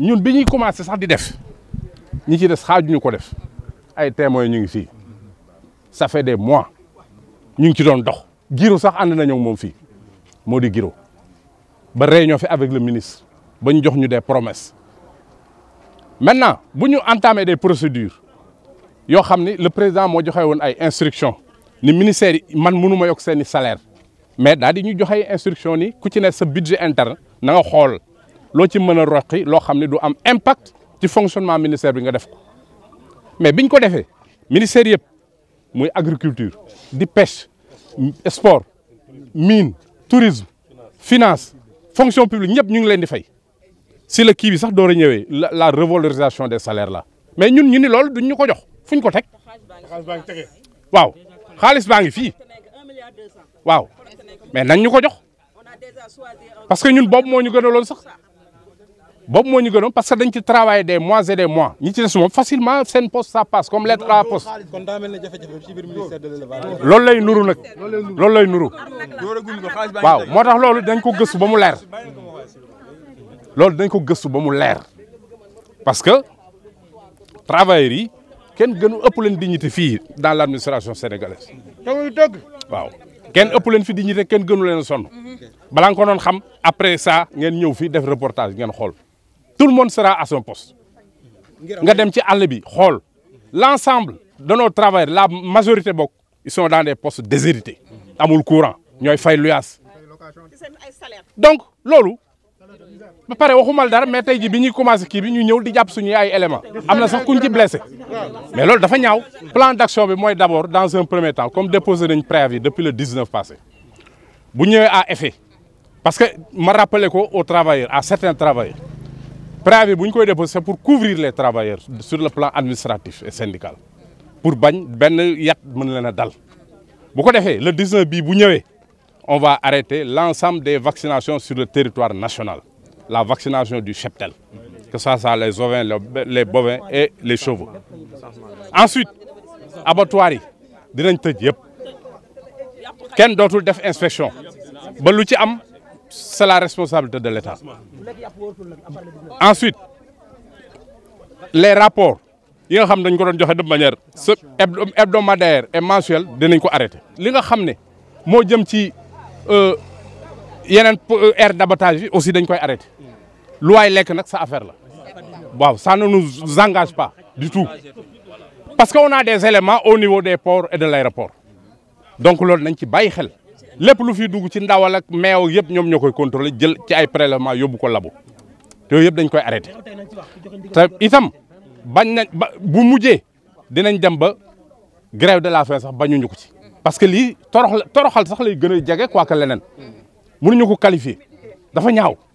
ñun biñuy commencé sax di def ñi ci des ñu ko def ay témoins ñu ça fait des mois Nous ngi ci doon dox giro sax ànd nañu moom fii giro ba réunion avec le ministre ba jox des promesses maintenant bu ñu des procédures le président moo joxe woon ay instructions ni ministère man ma salaire mais nous di ñu joxe ni ku ci budget interne nga ce ci du impact fonctionnement ministère mais ministère de agriculture di pêche sport mine tourisme finance fonction publique ñëpp ñu ngi leen si le kiwi, la revalorisation des salaires là mais ñun pas duñ jox ko waaw waaw mais nañ que jox parce que nous, nous gënaloon boobu moo ñu parce que dañ ci travailler des mois et des mois ñi ci des moom facilement seen poste ça passe comme lettre à la poste. kon daa mel ne jafe-jafe ci biir ministère de l'élevage. loolu lay nuru nag. loolu lay nuru waaw moo tax loolu dañ ko gëstu ba mu leer. loolu dañ ko gëstu ba mu leer parce que travailler, yi kenn gënu ëpp leen dignité fii dans l'administration sénégalaise. dëgg dëgg. waaw kenn ëpp leen fi dignité kenn gënu leen sonn balaa nga ko doon xam après ça ngeen ñëw fii def reportage ngeen xool tout le monde sera à son poste nga dem l'ensemble de nos travailleurs la majorité ils sont dans des postes déshérités amul courant ont fay l'UAS. donc lolo. ba ne sais pas mais tey ji un ñuy commencé kii bi ñu ñëw di jàpp suñu ay éléments am sax kuñ ci blessé mais loolu dafa plan d'action bi d'abord dans un premier temps comme déposé une préavis depuis le 19 passé bu a à effet parce que je me rappelle aux travailleurs à certains travailleurs préavis buñ déposé c'est pour couvrir les travailleurs sur le plan administratif et syndical pour bañ ben yat mën dal bu ko le 19 on va arrêter l'ensemble des vaccinations sur le territoire national la vaccination du cheptel que ce soit les ovins les bovins et les chevaux ensuite abattoirs yi dinañ tëj yëpp kenn dootul def inspection ba lu c'est la responsabilité de l'État. Ensuite, les rapports, yi nga xam dañ ko joxe de manière hebdomadaire et mensuelle dinañ ko arrêté. li nga xam ne c'est jëm ci euh, euh, aires air d'abattage aussi dañ koy arrêté lu Loi, lekk sa affaire là. waaw ça ne nous engage pas du tout parce qu'on a des éléments au niveau des ports et de l'aéroport donc loolu nañ ci bàyyi xel. lépp lu fiy dugg ci ndawal ak meew yëpp ñoom ñoo koy contrôler jël ci ay prélèvement yóbbu ko labo yooyu yëpp dañ koy arrêté te itam bañ nañ ba bu mujjee dinañ dem ba grève de la faim sax bañuñu ko ci. parce que lii torox toroxal sax lay gën a jege quoi que leneen mënuñu ko qualifier dafa ñaaw.